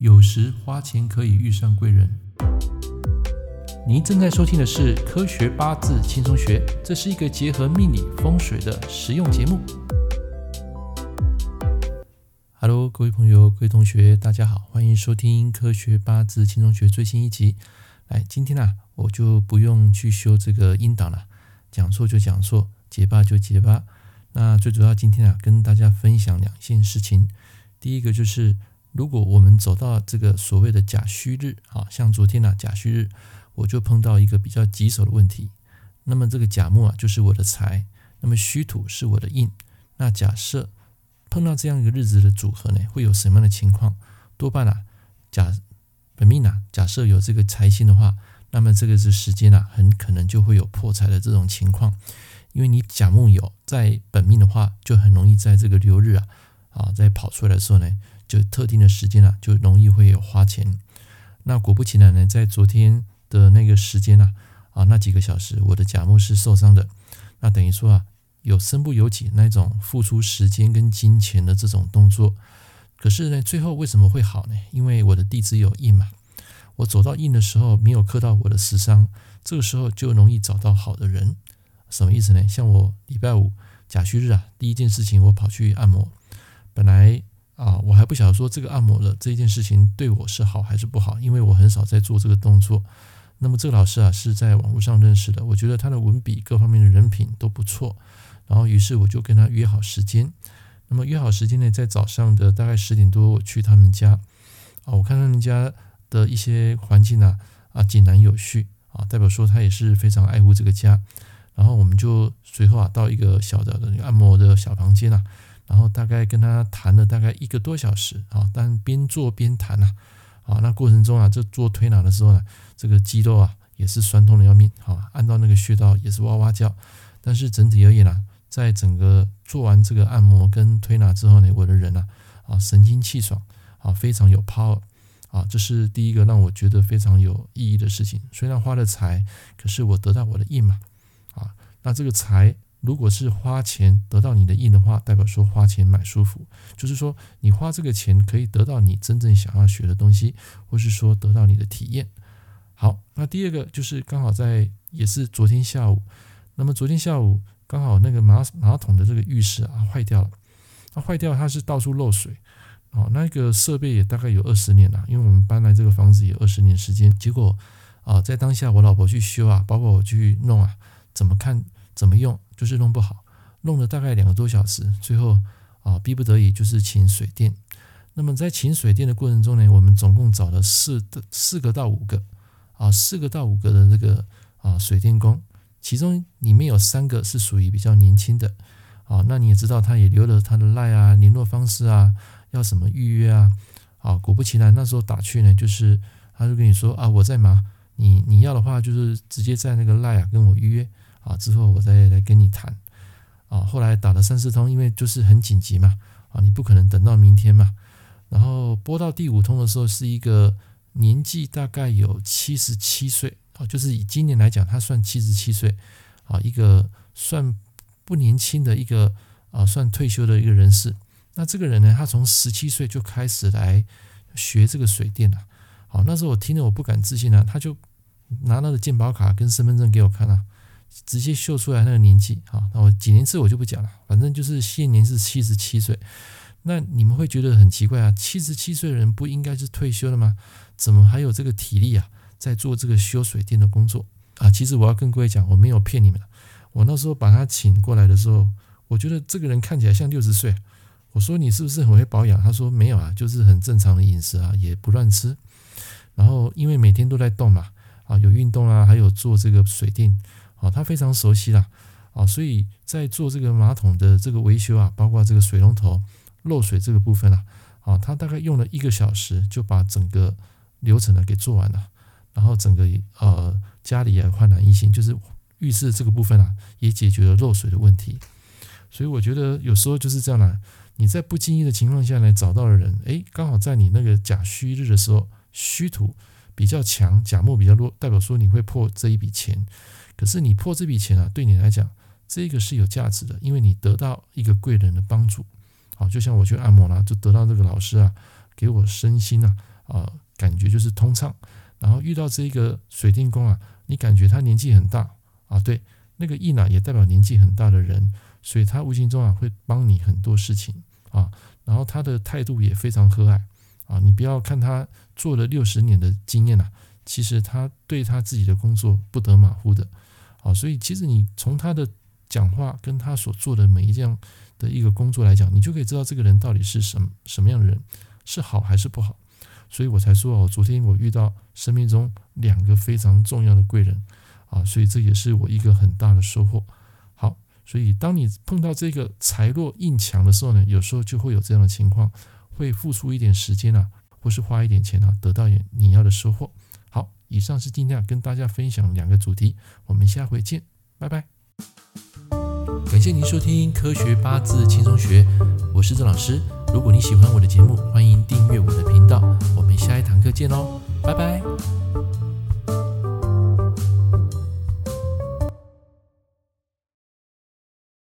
有時花錢可以遇上貴人。您正在收聽的是《科學八字輕鬆學》，這是一個結合命理風水的實用節目。哈囉，各位朋友、各位同學，大家好，歡迎收聽《科學八字輕鬆學》最新一集。來，今天啊，我就不用去修這個音檔了，講錯就講錯，結巴就結巴。那最主要，今天啊，跟大家分享兩件事情。第一個就是。如果我們走到這個所謂的甲戌日，啊，像昨天吶、啊，甲戌日，我就碰到一個比較棘手的問題。那麼這個甲木啊，就是我的財，那麼戌土是我的印。那假設碰到這樣一個日子的組合呢，會有什麼樣的情況？多半啊，甲本命吶、啊，假設有這個財星的話，那麼這個是時間啊，很可能就會有破財的這種情況。因為你甲木有在本命的話，就很容易在這個流日啊，啊，在跑出來的時候呢。就特定的時間啊，就容易會有花錢。那果不其然呢，在昨天的那個時間啊，啊那幾個小時，我的甲木是受傷的。那等於說啊，有身不由己那種付出時間跟金錢的這種動作。可是呢，最後為什麼會好呢？因為我的地支有印嘛，我走到印的時候沒有克到我的食傷，這個時候就容易找到好的人。什麼意思呢？像我禮拜五甲戌日啊，第一件事情我跑去按摩，本來。啊，我還不曉得說這個按摩的這件事情對我是好還是不好，因為我很少在做這個動作。那麼這個老師啊是在網絡上認識的，我覺得他的文筆各方面的人品都不錯。然後於是我就跟他約好時間。那麼約好時間呢，在早上的大概十點多，我去他們家。啊，我看他們家的一些環境啊，啊井然有序啊，代表說他也是非常愛護這個家。然後我們就隨後啊到一個小的按摩的小房間啊。然後大概跟他談了大概一個多小時啊，但邊做邊談吶、啊，啊，那過程中啊，這做推拿的時候呢，這個肌肉啊也是酸痛的要命啊，按到那個穴道也是哇哇叫，但是整體而言呢、啊，在整個做完這個按摩跟推拿之後呢，我的人吶啊，啊，神清氣爽啊，非常有 power 啊，這是第一個讓我覺得非常有意義的事情。雖然花了財，可是我得到我的印嘛，啊，那這個財。如果是花錢得到你的印的話，代表說花錢買舒服，就是說你花這個錢可以得到你真正想要學的東西，或是說得到你的體驗。好，那第二個就是剛好在也是昨天下午，那麼昨天下午剛好那個馬馬桶的這個浴室啊壞掉了，那壞掉它是到處漏水哦，那個設備也大概有二十年了，因為我們搬來這個房子有二十年時間，結果啊、呃、在當下我老婆去修啊，包括我去弄啊，怎麼看？怎麼用就是弄不好，弄了大概兩個多小時，最後啊，逼不得已就是請水電。那麼在請水電的過程中呢，我們總共找了四四個到五個啊，四個到五個的這個啊水電工，其中裡面有三個是屬於比較年輕的啊。那你也知道，他也留了他的 LINE 啊，聯絡方式啊，要什麼預約啊啊。果不其然，那時候打去呢，就是他就跟你說啊，我在忙，你你要的話就是直接在那個 LINE 啊跟我預約。啊，之後我再來跟你談。啊，後來打了三四通，因為就是很緊急嘛，啊，你不可能等到明天嘛。然後撥到第五通的時候，是一個年紀大概有七十七歲，啊，就是以今年來講，他算七十七歲，啊，一個算不年輕的一個啊，算退休的一個人士。那這個人呢，他從十七歲就開始來學這個水電了。好，那時候我聽了，我不敢置信啊，他就拿他的健保卡跟身份證給我看啊。直接秀出來那個年紀啊！那我幾年次我就不講了，反正就是現年是七十七歲。那你們會覺得很奇怪啊？七十七歲的人不應該是退休了嗎？怎麼還有這個體力啊，在做這個修水電的工作啊？其實我要跟各位講，我沒有騙你們。我那時候把他請過來的時候，我覺得這個人看起來像六十歲。我說你是不是很會保養？他說沒有啊，就是很正常的飲食啊，也不亂吃。然後因為每天都在動嘛，啊，有運動啊，還有做這個水電。啊、哦，他非常熟悉啦，啊、哦，所以在做這個馬桶的這個維修啊，包括這個水龍頭漏水這個部分啊。啊，他大概用了一個小時就把整個流程呢給做完了，然後整個呃家裡也煥然一新，就是浴室這個部分啊也解決了漏水的問題，所以我覺得有時候就是這樣啦，你在不經意的情況下來找到的人，誒，剛好在你那個甲戌日的時候，戌土比較強，甲木比較弱，代表說你會破這一筆錢。可是你破這筆錢啊，對你來講，這個是有價值的，因為你得到一個貴人的幫助，好，就像我去按摩啦，就得到這個老師啊，給我身心啊，啊、呃，感覺就是通暢。然後遇到這個水電工啊，你感覺他年紀很大啊，對，那個印呢、啊、也代表年紀很大的人，所以他無形中啊會幫你很多事情啊，然後他的態度也非常和藹啊，你不要看他做了六十年的經驗呐、啊，其實他對他自己的工作不得馬虎的。好，所以其實你從他的講話跟他所做的每一件的一個工作來講，你就可以知道這個人到底是什麼什麼樣的人，是好還是不好。所以我才說哦，我昨天我遇到生命中兩個非常重要的貴人啊，所以這也是我一個很大的收穫。好，所以當你碰到這個財弱印強的時候呢，有時候就會有這樣的情況，會付出一點時間啊，或是花一點錢啊，得到你要的收穫。以上是今天要跟大家分享兩個主題，我們下回見，拜拜。感謝您收聽《科學八字輕鬆學》，我是鄭老師。如果你喜歡我的節目，歡迎訂閱我的頻道。我們下一堂課見嘍，拜拜。